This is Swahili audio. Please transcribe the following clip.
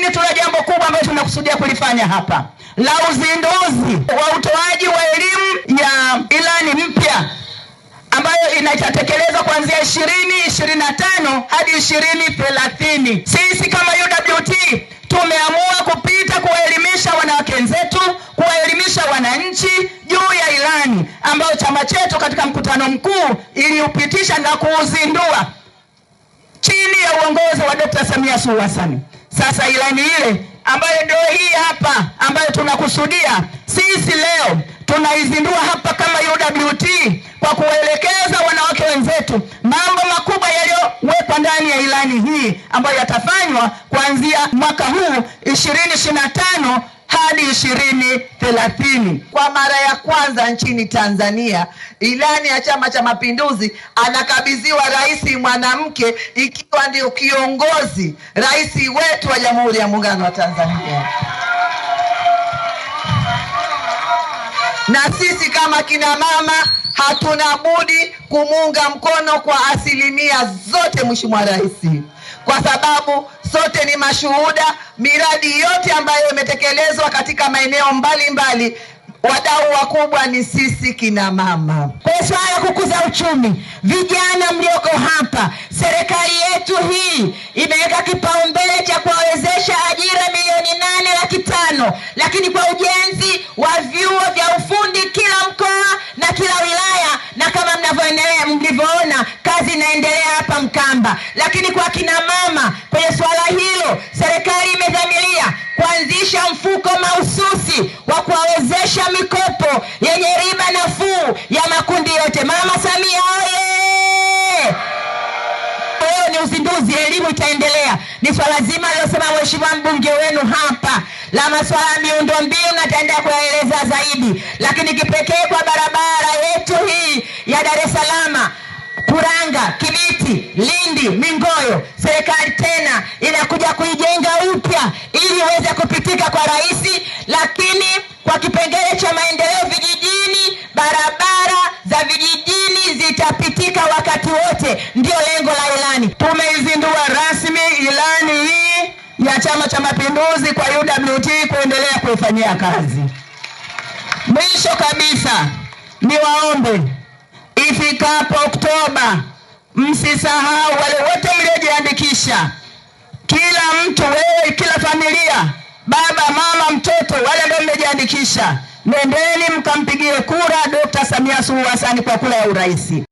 Lakini tuna jambo kubwa ambalo tunakusudia kulifanya hapa la uzinduzi wa utoaji wa elimu ya ilani mpya ambayo inatekelezwa kuanzia ishirini ishirini na tano hadi ishirini thelathini. Sisi kama UWT tumeamua kupita kuwaelimisha wanawake wenzetu, kuwaelimisha wananchi juu ya ilani ambayo chama chetu katika mkutano mkuu iliupitisha na kuuzindua chini ya uongozi wa Dkt. Samia Suluhu Hassan. Sasa ilani ile ambayo ndio hii hapa ambayo tunakusudia sisi leo tunaizindua hapa kama UWT kwa kuwaelekeza wanawake wenzetu mambo makubwa yaliyowekwa ndani ya ilani hii ambayo yatafanywa kuanzia mwaka huu 2025 hadi ishirini thelathini kwa mara ya kwanza nchini Tanzania ilani ya Chama cha Mapinduzi anakabidhiwa rais mwanamke, ikiwa ndio kiongozi rais wetu wa Jamhuri ya Muungano wa Tanzania. Na sisi kama kina mama hatuna budi kumuunga mkono kwa asilimia zote Mheshimiwa Rais kwa sababu sote ni mashuhuda. Miradi yote ambayo imetekelezwa katika maeneo mbalimbali, wadau wakubwa ni sisi kina mama. Kwa swala ya kukuza uchumi, vijana mlioko hapa, serikali yetu hii imeweka kipaumbele cha kuwawezesha ajira milioni nane laki tano, lakini kwa ujenzi wa vyuo shamba. Lakini kwa kina mama, kwenye suala hilo, serikali imedhamiria kuanzisha mfuko mahususi wa kuwawezesha mikopo yenye riba nafuu ya makundi yote. Mama Samia oye! Kwa ni uzinduzi, elimu itaendelea. Ni swala zima aliyosema mheshimiwa mbunge wenu hapa la masuala ya miundombinu, na kuyaeleza zaidi, lakini kipekee kwa barabara yetu hii ya Dar es Salaam Iringa, Kibiti, Lindi, Mingoyo, serikali tena inakuja kuijenga upya ili iweze kupitika kwa rais, lakini kwa kipengele cha maendeleo vijijini, barabara za vijijini zitapitika wakati wote, ndio lengo la ilani. Tumeizindua rasmi ilani hii ya Chama cha Mapinduzi kwa UWT kuendelea kuifanyia kazi. Mwisho kabisa, niwaombe ifikapo Oktoba Msisahau wale wote mliojiandikisha, kila mtu, wewe, kila familia, baba, mama, mtoto, wale ndio mmejiandikisha nendeni mkampigie kura Dr. Samia Suluhu Hassan kwa kura ya urais.